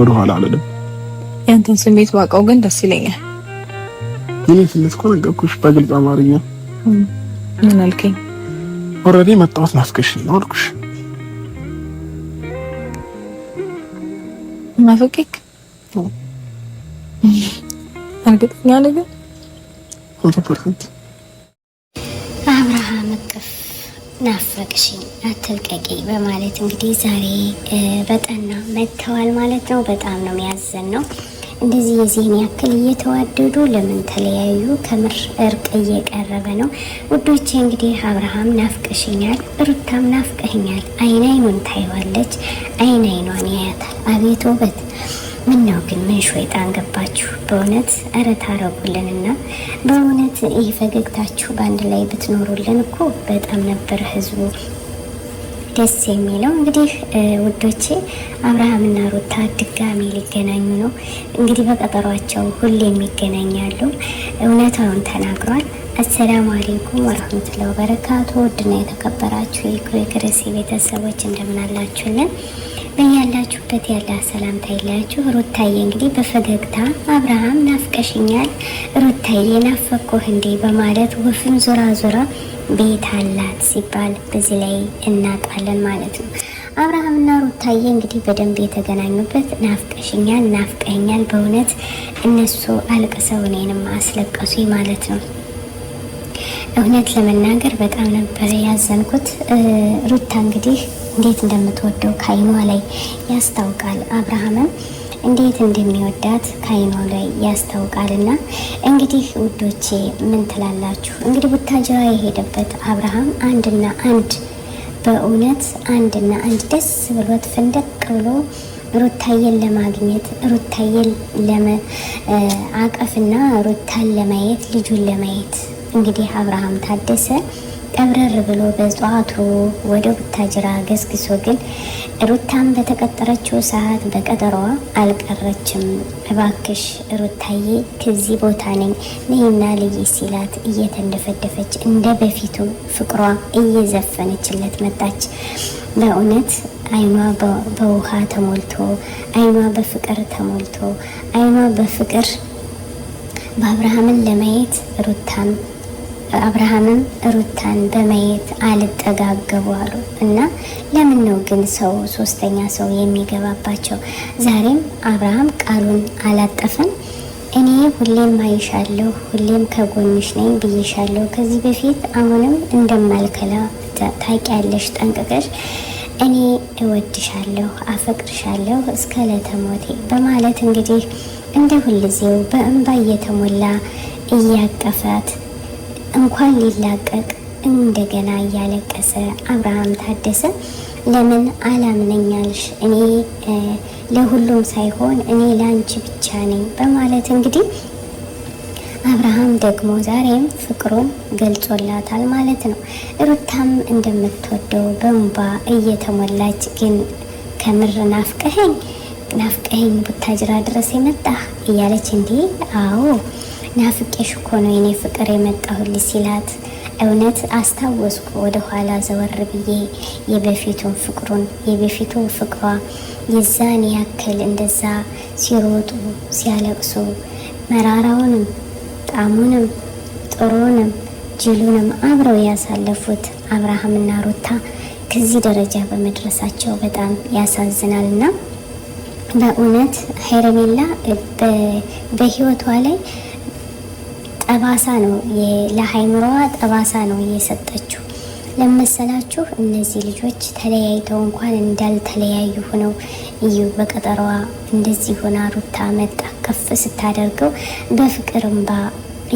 ወደኋላ ኋላ አልልም። ያንተን ስሜት ባውቀው ግን ደስ ይለኛል። ምን ስሜት እኮ ነገርኩሽ በግልጽ አማርኛ። ምን አልከኝ? ኦልሬዲ መጣሁት ናፍቀሽኝ ነው አልኩሽ። ናፍቄክ እርግጠኛ ነገር መቶ ፐርሰንት አብርሃም እቅፍ ናፈቅሽኝ አትልቀቂ በማለት እንግዲህ ዛሬ በጠና መጥተዋል ማለት ነው። በጣም ነው የሚያዘን ነው። እንደዚህ የዚህን ያክል እየተዋደዱ ለምን ተለያዩ? ከምር እርቅ እየቀረበ ነው ውዶቼ። እንግዲህ አብርሃም ናፍቅሽኛል፣ ሩታም ናፍቀኛል። አይን አይኑን ታይዋለች፣ አይን አይኗን ያያታል። አቤት ውበት ምናው ግን ምን ሸይጣን ገባችሁ? በእውነት እረ ታረቁልንና በእውነት ይህ ፈገግታችሁ በአንድ ላይ ብትኖሩልን እኮ በጣም ነበር ህዝቡ ደስ የሚለው እንግዲህ ውዶቼ አብርሃምና ሩታ ድጋሚ ሊገናኙ ነው። እንግዲህ በቀጠሯቸው ሁሌም ይገናኛሉ። እውነታውን ተናግሯል። አሰላሙ አሌይኩም ወረህመቱላሂ ወበረካቱ። ውድና የተከበራችሁ የኩዌክርስ ቤተሰቦች እንደምን አላችሁልን? በያላችሁበት ያለ ሰላምታ ይለያችሁ። ሩታዬ እንግዲህ በፈገግታ አብርሃም ናፍቀሽኛል፣ ሩታዬ ናፈኮህ እንዴ በማለት ወፍን ዞራ ዞራ ቤት አላት ሲባል በዚህ ላይ እናጣለን ማለት ነው። አብርሃምና ሩታዬ እንግዲህ በደንብ የተገናኙበት ናፍቀሽኛል፣ ናፍቀኛል በእውነት እነሱ አልቅሰው እኔንም አስለቀሱኝ ማለት ነው። እውነት ለመናገር በጣም ነበር ያዘንኩት። ሩታ እንግዲህ እንዴት እንደምትወደው ከአይኗ ላይ ያስታውቃል። አብርሃምም እንዴት እንደሚወዳት ከአይኗ ላይ ያስታውቃል። እና እንግዲህ ውዶቼ ምን ትላላችሁ? እንግዲህ ቡታጅራ የሄደበት አብርሃም አንድና አንድ በእውነት አንድና አንድ ደስ ብሎት ፍንደቅ ብሎ ሩታየን ለማግኘት ሩታየን ለአቀፍና ሩታን ለማየት ልጁን ለማየት እንግዲህ አብርሃም ታደሰ ቀብረር ብሎ በጠዋቱ ወደ ቡታጅራ ገስግሶ፣ ግን ሩታም በተቀጠረችው ሰዓት በቀጠሯ አልቀረችም። እባክሽ ሩታዬ ከዚህ ቦታ ነኝ ነይና ልይ ሲላት እየተንደፈደፈች እንደ በፊቱ ፍቅሯ እየዘፈነችለት መጣች። በእውነት አይኗ በውሃ ተሞልቶ አይኗ በፍቅር ተሞልቶ አይኗ በፍቅር በአብርሃምን ለማየት ሩታም አብርሃምም ሩታን በማየት አልጠጋገቡ አሉ እና ለምን ነው ግን ሰው ሶስተኛ ሰው የሚገባባቸው? ዛሬም አብርሃም ቃሉን አላጠፈም። እኔ ሁሌም አይሻለሁ፣ ሁሌም ከጎንሽ ነኝ ብይሻለሁ። ከዚህ በፊት አሁንም እንደማልከላ ታውቂያለሽ ጠንቅቀሽ እኔ እወድሻለሁ፣ አፈቅርሻለሁ እስከ ለተሞቴ በማለት እንግዲህ እንደ ሁልጊዜው በእንባ እየተሞላ እያቀፋት እንኳን ሊላቀቅ እንደገና እያለቀሰ አብርሃም ታደሰ ለምን አላምነኛልሽ? እኔ ለሁሉም ሳይሆን እኔ ለአንቺ ብቻ ነኝ በማለት እንግዲህ አብርሃም ደግሞ ዛሬም ፍቅሩን ገልጾላታል ማለት ነው። ሩታም እንደምትወደው በእንባ እየተሞላች ግን ከምር ናፍቀኸኝ ናፍቀኸኝ ቡታጅራ ድረስ የመጣ እያለች እንዲህ አዎ ናፍቄሽ እኮ ነው የኔ ፍቅር የመጣሁልሽ ሲላት እውነት አስታወስኩ። ወደ ኋላ ዘወር ብዬ የበፊቱን ፍቅሩን የበፊቱን ፍቅሯ የዛን ያክል እንደዛ ሲሮጡ ሲያለቅሱ መራራውንም ጣሙንም ጥሩንም ጅሉንም አብረው ያሳለፉት አብርሃምና ሩታ ከዚህ ደረጃ በመድረሳቸው በጣም ያሳዝናል እና በእውነት ሄረሜላ በህይወቷ ላይ ጠባሳ ነው ለሃይምሮዋ ጠባሳ ነው እየሰጠችው ለመሰላችሁ። እነዚህ ልጆች ተለያይተው እንኳን እንዳልተለያዩ ሆነው እዩ። በቀጠሯዋ እንደዚህ ሆና ሩታ መጣ ከፍ ስታደርገው በፍቅር እንባ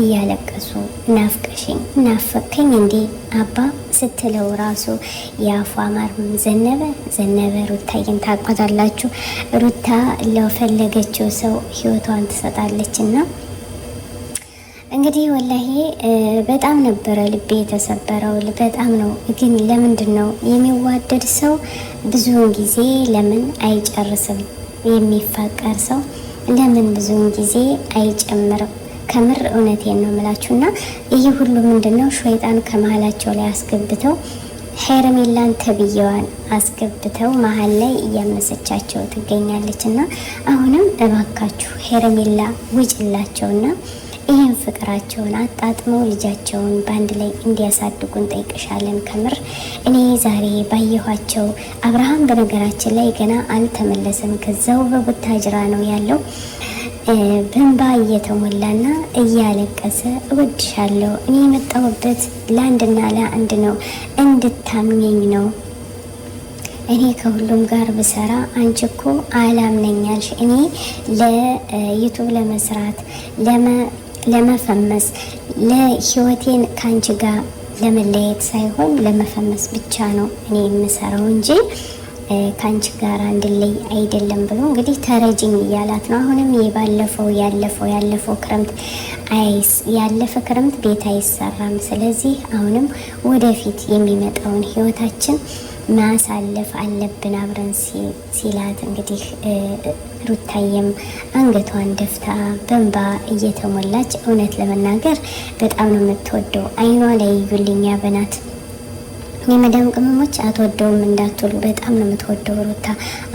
እያለቀሱ ናፍቀሽኝ ናፈቅከኝ እንዴ አባ ስትለው ራሱ የአፏ ማር ዘነበ ዘነበ። ሩታዬን ታቋታላችሁ። ሩታ ለፈለገችው ሰው ህይወቷን ትሰጣለች እና እንግዲህ ወላሂ በጣም ነበረ ልቤ የተሰበረው። በጣም ነው ግን ለምንድን ነው የሚዋደድ ሰው ብዙውን ጊዜ ለምን አይጨርስም? የሚፋቀር ሰው ለምን ብዙውን ጊዜ አይጨምርም? ከምር እውነቴን ነው የምላችሁ። እና ይህ ሁሉ ምንድን ነው ሸይጣን ከመሀላቸው ላይ አስገብተው ሄርሜላን ተብዬዋን አስገብተው መሀል ላይ እያመሰቻቸው ትገኛለች። እና አሁንም እባካችሁ ሄርሜላ ውጭላቸውና ይህን ፍቅራቸውን አጣጥመው ልጃቸውን በአንድ ላይ እንዲያሳድጉን ጠይቅሻለን። ከምር እኔ ዛሬ ባየኋቸው አብርሃም በነገራችን ላይ ገና አልተመለሰም፣ ከዛው በቡታጅራ ነው ያለው በንባ እየተሞላና እያለቀሰ እወድሻለሁ፣ እኔ የመጣሁበት ለአንድና ለአንድ ነው፣ እንድታምኘኝ ነው። እኔ ከሁሉም ጋር ብሰራ አንቺ እኮ አላምነኛልሽ። እኔ ለዩቱብ ለመስራት ለመፈመስ ለህይወቴን ከአንቺ ጋር ለመለየት ሳይሆን ለመፈመስ ብቻ ነው እኔ የምሰራው እንጂ ከአንቺ ጋር አንድ ላይ አይደለም ብሎ እንግዲህ ተረጅኝ እያላት ነው። አሁንም የባለፈው ያለፈው ያለፈው ክረምት አይስ ያለፈ ክረምት ቤት አይሰራም። ስለዚህ አሁንም ወደፊት የሚመጣውን ህይወታችን ማሳለፍ አለብን አብረን ሲላት እንግዲህ ሩታየም አንገቷን ደፍታ በንባ እየተሞላች እውነት ለመናገር በጣም ነው የምትወደው። አይኗ ላይ ዩልኛ በናት የመዳም ቅመሞች አትወደውም እንዳትሉ፣ በጣም ነው የምትወደው ሩታ።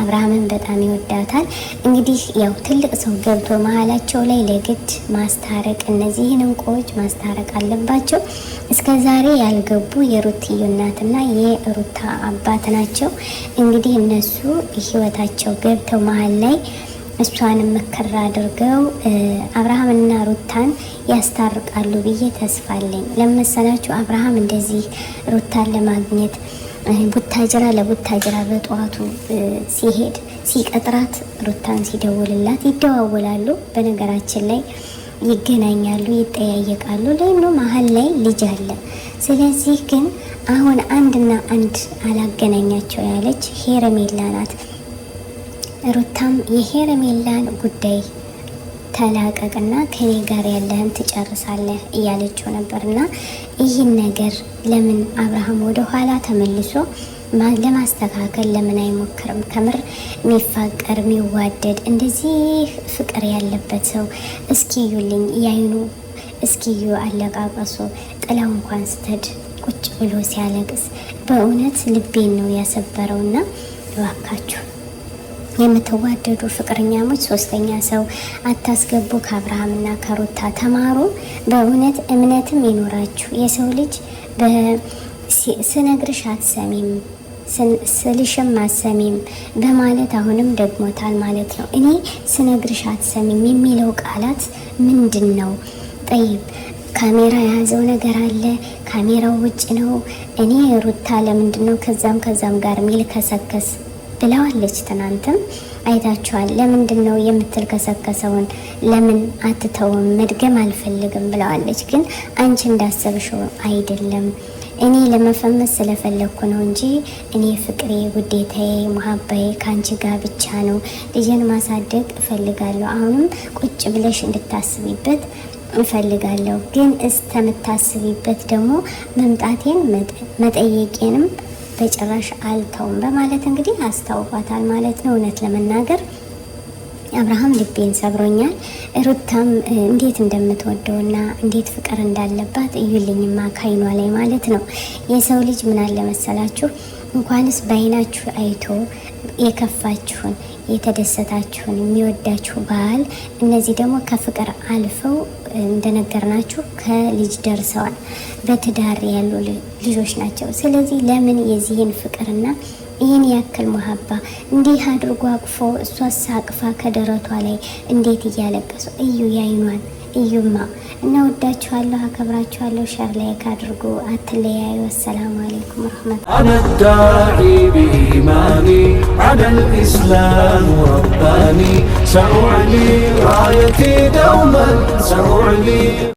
አብርሃምን በጣም ይወዳታል። እንግዲህ ያው ትልቅ ሰው ገብቶ መሀላቸው ላይ ለግድ ማስታረቅ፣ እነዚህን እንቁዎች ማስታረቅ አለባቸው። እስከ ዛሬ ያልገቡ የሩትዮ እናትና የሩታ አባት ናቸው። እንግዲህ እነሱ ህይወታቸው ገብተው መሀል ላይ እሷንም ምክር አድርገው አብርሃምና ሩታን ያስታርቃሉ ብዬ ተስፋ አለኝ። ለመሰላችሁ አብርሃም እንደዚህ ሩታን ለማግኘት ቡታጅራ ለቡታጅራ በጠዋቱ ሲሄድ ሲቀጥራት ሩታን ሲደውልላት ይደዋወላሉ። በነገራችን ላይ ይገናኛሉ፣ ይጠያየቃሉ። ለይኖ መሀል ላይ ልጅ አለ። ስለዚህ ግን አሁን አንድና አንድ አላገናኛቸው ያለች ሄረሜላ ናት። ሩታም የሄረሜላን ጉዳይ ተላቀቅና ከኔ ጋር ያለህን ትጨርሳለህ እያለችው ነበርና ይህን ነገር ለምን አብርሃም ወደ ኋላ ተመልሶ ለማስተካከል ለምን አይሞክርም? ከምር የሚፋቀር የሚዋደድ እንደዚህ ፍቅር ያለበት ሰው እስኪዩልኝ ያይኑ እስኪዩ አለቃቀሱ ጥላው እንኳን ስተድ ቁጭ ብሎ ሲያለቅስ በእውነት ልቤን ነው ያሰበረውና እባካችሁ የምትዋደዱ ፍቅረኛሞች ሶስተኛ ሰው አታስገቡ። ከአብርሃምና ከሩታ ተማሩ። በእውነት እምነትም ይኖራችሁ። የሰው ልጅ ስነግርሽ አትሰሚም ስልሽም አሰሚም በማለት አሁንም ደግሞታል ማለት ነው። እኔ ስነግርሽ አትሰሚም የሚለው ቃላት ምንድን ነው? ጠይብ ካሜራ የያዘው ነገር አለ። ካሜራው ውጭ ነው። እኔ ሩታ ለምንድን ነው ከዛም ከዛም ጋር ሚል ከሰከስ ብለዋለች። ትናንትም አይታችኋል። ለምንድን ነው የምትልከሰከሰውን ለምን አትተውም? መድገም አልፈልግም ብለዋለች። ግን አንቺ እንዳሰብሽው አይደለም እኔ ለመፈመስ ስለፈለግኩ ነው እንጂ እኔ ፍቅሬ፣ ውዴታዬ፣ መሀባዬ ከአንቺ ጋር ብቻ ነው። ልጅን ማሳደግ እፈልጋለሁ። አሁንም ቁጭ ብለሽ እንድታስቢበት እፈልጋለሁ። ግን እስከምታስቢበት ደግሞ መምጣቴን መጠየቄንም በጭራሽ አልተውም በማለት እንግዲህ አስታውቋታል ማለት ነው። እውነት ለመናገር አብርሃም ልቤን ሰብሮኛል። ሩታም እንዴት እንደምትወደውና እንዴት ፍቅር እንዳለባት እዩልኝማ ካይኗ ላይ ማለት ነው። የሰው ልጅ ምን አለ መሰላችሁ እንኳንስ በአይናችሁ አይቶ የከፋችሁን የተደሰታችሁን የሚወዳችሁ ባል እነዚህ ደግሞ ከፍቅር አልፈው እንደነገርናችሁ ከልጅ ደርሰዋል። በትዳር ያሉ ልጆች ናቸው። ስለዚህ ለምን የዚህን ፍቅርና ይህን ያክል መሀባ እንዲህ አድርጎ አቅፎ እሷ ሳቅፋ ከደረቷ ላይ እንዴት እያለቀሱ እዩ ያይኗል እዩማ እና ወዳችኋለሁ፣ አከብራችኋለሁ። ሸር ላይክ አድርጉ፣ አትለያዩ። አሰላሙ አለይኩም ረመቱ አነዳዒ ብኢማኒ አደል ኢስላም ረባኒ ሰዑዕሊ ራየቲ ደውመን ሰዑዕሊ